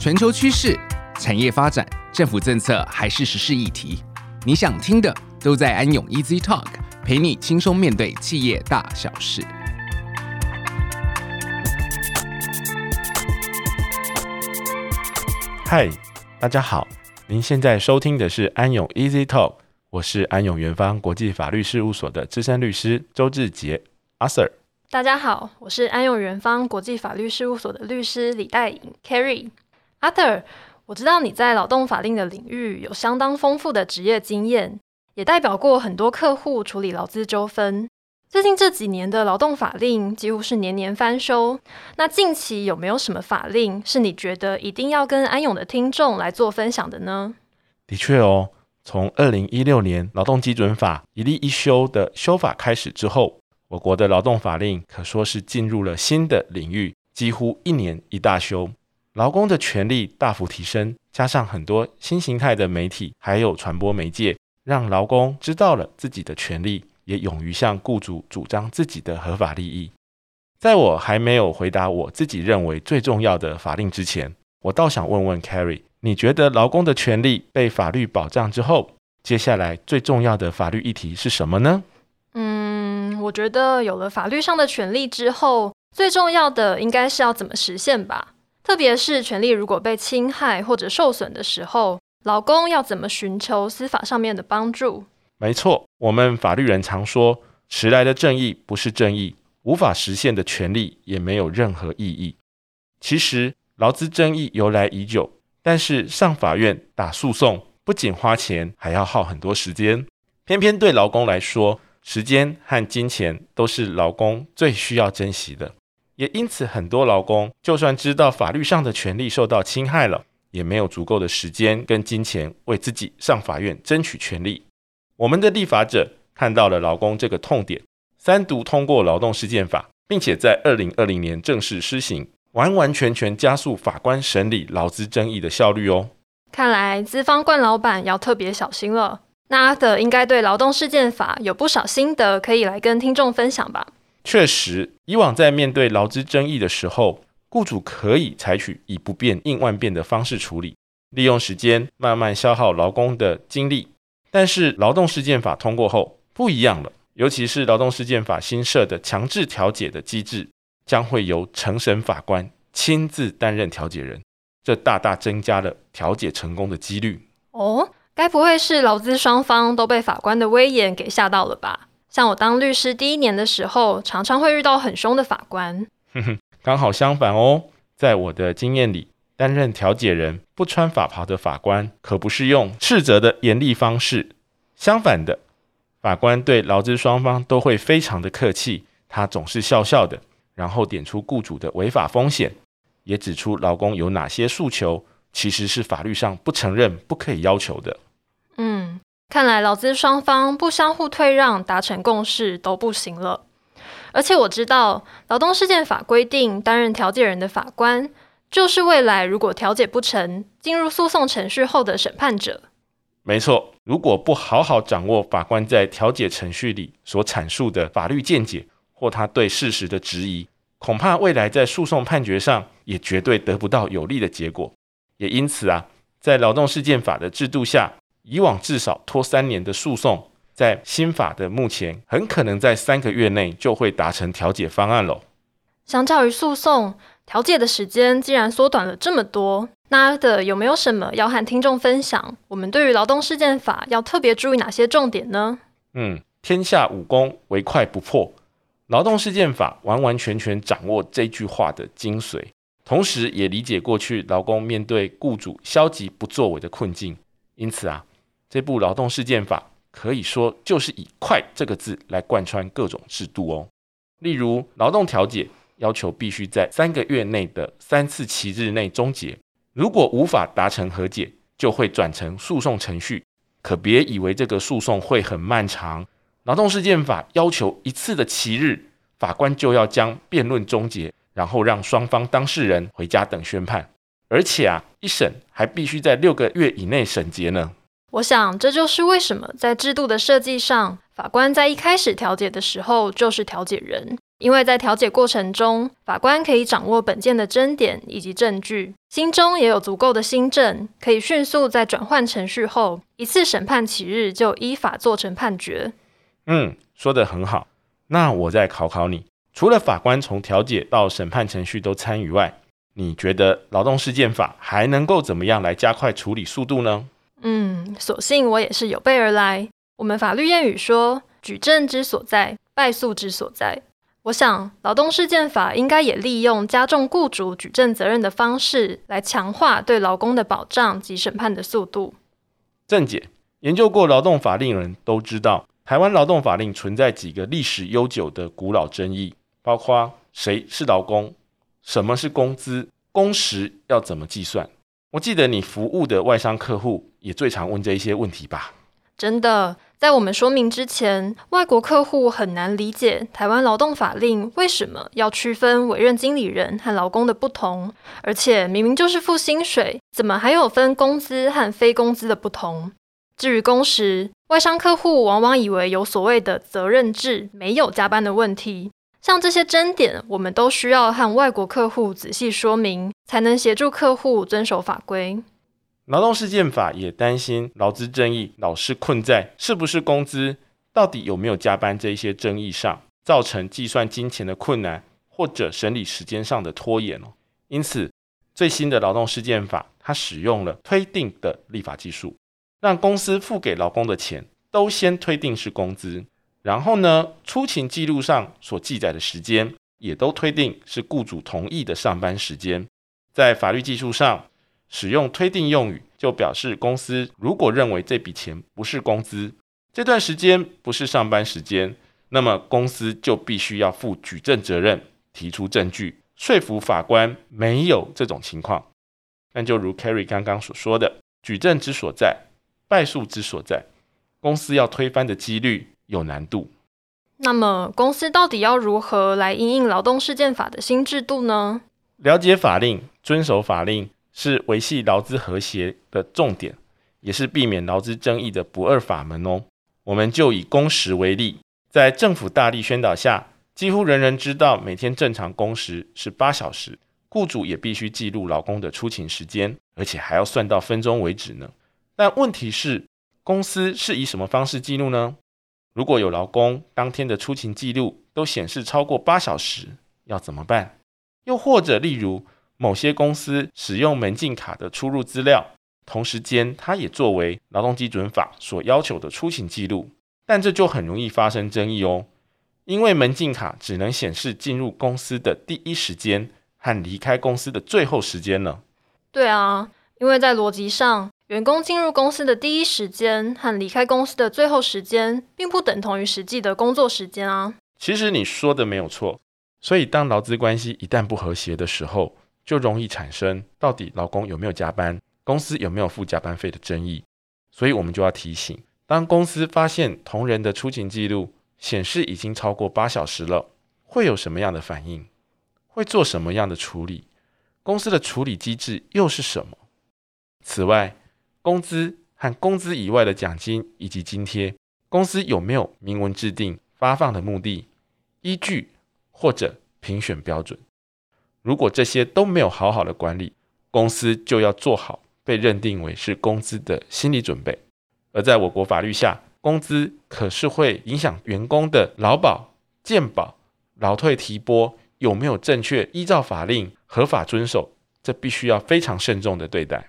全球趨勢、產業發展、政府政策還是時事議題，你想聽的都在安永 Easy Talk，陪你輕鬆面對企業大小事。嗨，大家好，您現在收聽的是安永 Easy Talk，我是安永圓方國際法律事務所的資深律師周志潔，Arthur。大家好，我是安永圓方國際法律事務所的律師李岱穎，Carrie。阿特，我知道你在勞動法令的領域有相當豐富的職業經驗，也代表過很多客戶處理勞資糾紛。最近這幾年的勞動法令幾乎是年年翻修。那近期有沒有什麼法令是你覺得一定要跟安永的聽眾來做分享的呢？的確哦，從二零一六年勞動基準法一例一修的修法開始之後，我國的勞動法令可說是進入了新的領域，幾乎一年一大修。勞工的權利大幅提升，加上很多新形態的媒體還有傳播媒介，讓勞工知道了自己的權利，也勇於向雇主主張自己的合法利益。在我還沒有回答我自己認為最重要的法令之前，我倒想問問 Carrie，你覺得勞工的權利被法律保障之後，接下來最重要的法律議題是什麼呢？嗯，我覺得有了法律上的權利之後，最重要的應該是要怎麼實現吧。特別是權利如果被侵害或者受損的時候，勞工要怎麼尋求司法上面的幫助？沒錯，我們法律人常說，遲來的正義不是正義，無法實現的權利也沒有任何意義。其實勞資爭議由來已久，但是上法院打訴訟不僅花錢，還要耗很多時間。偏偏對勞工來說，時間和金錢都是勞工最需要珍惜的。也因此，很多勞工就算知道法律上的權利受到侵害了，也沒有足夠的時間跟金錢為自己上法院爭取權利。我們的立法者看到了勞工這個痛點，三讀通過勞動事件法，並且在二零二零年正式施行，完完全全加速法官審理勞資爭議的效率哦。看來資方慣老闆要特別小心了。那阿德應該對勞動事件法有不少心得，可以來跟聽眾分享吧。確實，以往在面對勞資爭議的時候，僱主可以採取以不變應萬變的方式處理，利用時間慢慢消耗勞工的精力。但是勞動事件法通過後不一樣了，尤其是勞動事件法新設的強制調解的機制，將會由承審法官親自擔任調解人，這大大增加了調解成功的幾率。哦，該不會是勞資雙方都被法官的威嚴給嚇到了吧？像我當律師第一年的時候，常常會遇到很凶的法官。哼哼，剛好相反哦，在我的經驗裡，擔任調解人，不穿法袍的法官，可不是用斥責的嚴厲方式。相反的，法官對勞資雙方都會非常的客氣，他總是笑笑的，然後點出雇主的違法風險，也指出勞工有哪些訴求其實是法律上不承認、不可以要求的。看來勞資雙方不相互退讓，達成共識都不行了。而且我知道，勞動事件法規定，擔任調解人的法官，就是未來如果調解不成，進入訴訟程序後的審判者。沒錯，如果不好好掌握法官在調解程序裡所闡述的法律見解或他對事實的質疑，恐怕未來在訴訟判決上也絕對得不到有利的結果。也因此啊，在勞動事件法的制度下，以往至少拖三年的訴訟，在新法的目前，很可能在三個月內就會達成調解方案嘍。相較於訴訟調解的時間，既然縮短了這麼多，那的有沒有什麼要和聽眾分享？我們對於勞動事件法要特別注意哪些重點呢？嗯，天下武功唯快不破，勞動事件法完完全全掌握這句話的精髓，同時也理解過去勞工面對僱主消極不作為的困境，因此啊。這部勞動事件法可以說就是以“快”這個字來貫穿各種制度哦。例如，勞動調解要求必須在三個月內的三次期日內終結；如果無法達成和解，就會轉成訴訟程序。可別以為這個訴訟會很漫長。勞動事件法要求一次的期日，法官就要將辯論終結，然後讓雙方當事人回家等宣判。而且啊，一審還必須在六個月以內審結呢。我想，這就是為什麼在制度的設計上，法官在一開始調解的時候就是調解人，因為在調解過程中，法官可以掌握本件的爭點以及證據，心中也有足夠的心證，可以迅速在轉換程序後，一次審判期日就依法做成判決。嗯，說得很好。那我再考考你，除了法官從調解到審判程序都參與外，你覺得勞動事件法還能夠怎麼樣來加快處理速度呢？嗯，所幸我也是有備而來。我們法律諺語說：“舉證之所在，敗訴之所在。”我想，勞動事件法應該也利用加重雇主舉證責任的方式來強化對勞工的保障及審判的速度。正解：研究過勞動法令的人都知道，台灣勞動法令存在幾個歷史悠久的古老爭議，包括誰是勞工、什麼是工資、工時要怎麼計算。我記得你服務的外商客戶，也最常問這一些問題吧。真的，在我們說明之前，外國客戶很難理解台灣勞動法令為什麼要區分委任經理人和勞工的不同，而且明明就是付薪水，怎麼還有分工資和非工資的不同？至於工時，外商客戶往往以為有所謂的責任制，沒有加班的問題。像這些爭點，我們都需要和外國客戶仔細說明，才能協助客戶遵守法規。勞動事件法也擔心勞資爭議老是困在是不是工資、到底有沒有加班這一些爭議上，造成計算金錢的困難或者審理時間上的拖延哦。因此，最新的勞動事件法它使用了推定的立法技術，讓公司付給勞工的錢都先推定是工資，然後呢，出勤記錄上所記載的時間也都推定是雇主同意的上班時間，在法律技術上。使用推定用語，就表示公司如果認為這筆錢不是工資，這段時間不是上班時間，那麼公司就必須要負舉證責任，提出證據，說服法官沒有這種情況。但就如 Kerry 剛剛所說的，舉證之所在，敗訴之所在，公司要推翻的幾率有難度。那麼公司到底要如何來因應勞動事件法的新制度呢？了解法令，遵守法令，是維繫勞資和諧的重點，也是避免勞資爭議的不二法門哦。我們就以工時為例，在政府大力宣導下，幾乎人人知道每天正常工時是八小時，雇主也必須記錄勞工的出勤時間，而且還要算到分鐘為止呢。但問題是，公司是以什麼方式記錄呢？如果有勞工當天的出勤記錄都顯示超過八小時，要怎麼辦？又或者例如，某些公司使用門禁卡的出入資料，同時間它也作為勞動基準法所要求的出勤記錄，但這就很容易發生爭議哦，因為門禁卡只能顯示進入公司的第一時間和離開公司的最後時間了。對啊，因為在邏輯上，員工進入公司的第一時間和離開公司的最後時間，並不等同於實際的工作時間啊。其實你說的沒有錯，所以當勞資關係一旦不和諧的時候，就容易產生到底勞工有沒有加班，公司有沒有付加班費的爭議，所以我們就要提醒，當公司發現同仁的出勤記錄顯示已經超過八小時了，會有什麼樣的反應？會做什麼樣的處理？公司的處理機制又是什麼？此外，工資和工資以外的獎金以及津貼，公司有沒有明文制定發放的目的、依據或者評選標準？如果這些都沒有好好的管理，公司就要做好被認定為是工資的心理準備。而在我國法律下，工資可是會影響員工的勞保、健保、勞退提波、提撥有沒有正確依照法令合法遵守，這必須要非常慎重的對待。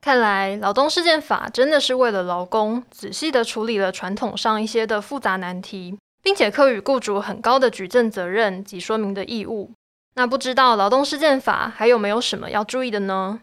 看來勞動事件法真的是為了勞工仔細的處理了傳統上一些的複雜難題，並且課予雇主很高的舉證責任及說明的義務。那不知道勞動事件法還有沒有什麼要注意的呢？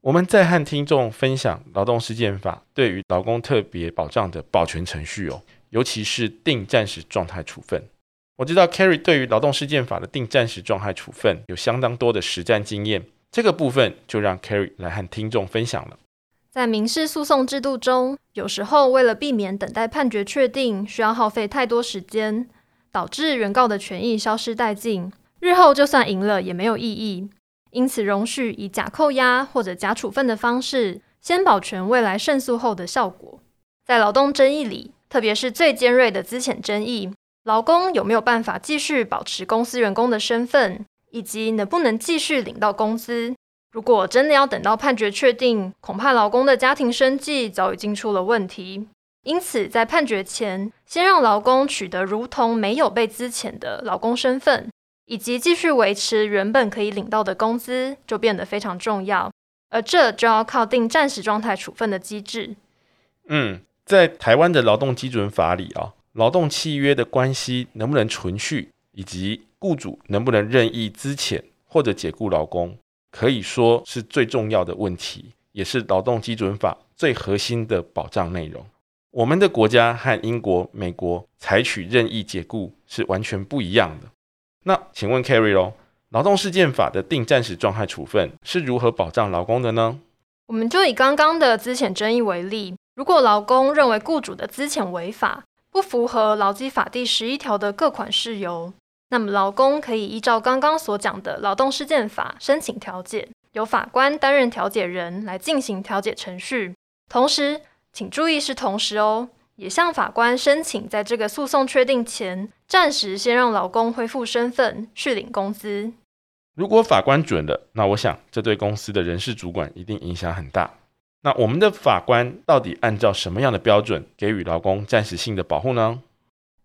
我們在和聽眾分享勞動事件法對於勞工特別保障的保全程序哦，尤其是定暫時狀態處分。我知道 Kerry 對於勞動事件法的定暫時狀態處分有相當多的實戰經驗，這個部分就讓 Kerry 來和聽眾分享了。在民事訴訟制度中，有時候為了避免等待判決確定需要耗費太多時間，導致原告的權益消失殆盡。日後就算贏了也沒有意義，因此容許以假扣押或者假處分的方式，先保全未來勝訴後的效果。在勞動爭議裡，特別是最尖銳的資遣爭議，勞工有沒有辦法繼續保持公司員工的身份，以及能不能繼續領到工資？如果真的要等到判決確定，恐怕勞工的家庭生計早已經出了問題。因此，在判決前，先讓勞工取得如同沒有被資遣的勞工身份。以及繼續維持原本可以領到的工資，就變得非常重要，而這就要靠定暫時狀態處分的機制。嗯，在台灣的勞動基準法裡啊、哦，勞動契約的關係能不能存續，以及僱主能不能任意資遣或者解僱勞工，可以說是最重要的問題，也是勞動基準法最核心的保障內容。我們的國家和英國、美國採取任意解僱是完全不一樣的。那請問 Carrie 嘍，勞動事件法的定暫時狀態處分是如何保障勞工的呢？我們就以剛剛的資遣爭議為例，如果勞工認為雇主的資遣違法，不符合勞基法第十一條的各款事由，那麼勞工可以依照剛剛所講的勞動事件法申請調解，由法官擔任調解人來進行調解程序。同時，請注意是同時哦。也向法官申請，在這個訴訟確定前，暫時先讓勞工恢復身份續領工資。如果法官准了，那我想這對公司的人事主管一定影響很大。那我們的法官到底按照什麼樣的標準給予勞工暫時性的保護呢？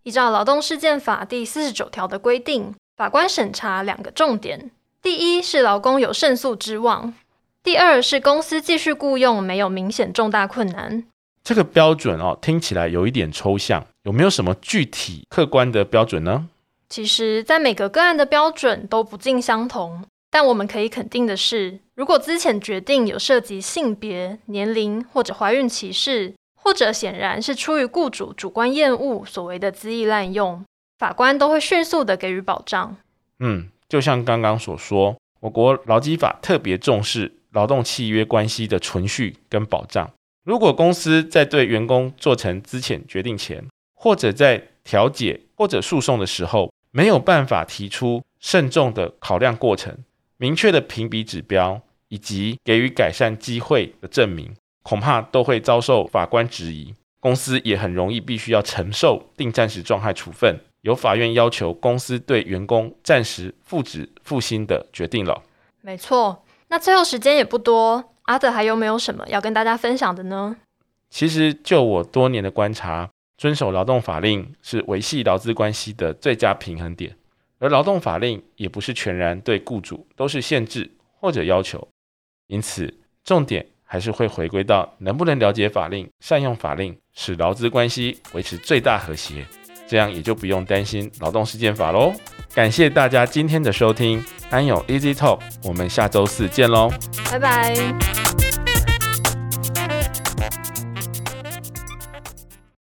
依照《勞動事件法》第四十九條的規定，法官審查兩個重點：第一是勞工有勝訴之望；第二是公司繼續僱用沒有明顯重大困難。這個標準哦，聽起來有一點抽象，有沒有什麼具體客觀的標準呢？其實，在每個個案的標準都不盡相同，但我們可以肯定的是，如果資遣決定有涉及性別、年齡或者懷孕歧視，或者顯然是出於雇主主觀厭惡所謂的恣意濫用，法官都會迅速地給予保障。嗯，就像剛剛所說，我國勞基法特別重視勞動契約關係的存續跟保障。如果公司在對員工做成資遣決定前，或者在調解或者訴訟的時候，沒有辦法提出慎重的考量過程、明確的評比指標以及給予改善機會的證明，恐怕都會遭受法官質疑。公司也很容易必須要承受定暫時狀態處分，由法院要求公司對員工暫時復職復薪的決定了。沒錯，那最後時間也不多。阿德，還有沒有什麼要跟大家分享的呢？其實就我多年的觀察，遵守勞動法令是維繫勞資關係的最佳平衡點，而勞動法令也不是全然對雇主都是限制或者要求，因此重點還是會回歸到能不能了解法令、善用法令，使勞資關係維持最大和諧。這樣也就不用擔心勞動事件法嘍。感謝大家今天的收聽，安永 Easy Talk，我們下周四見嘍，拜拜。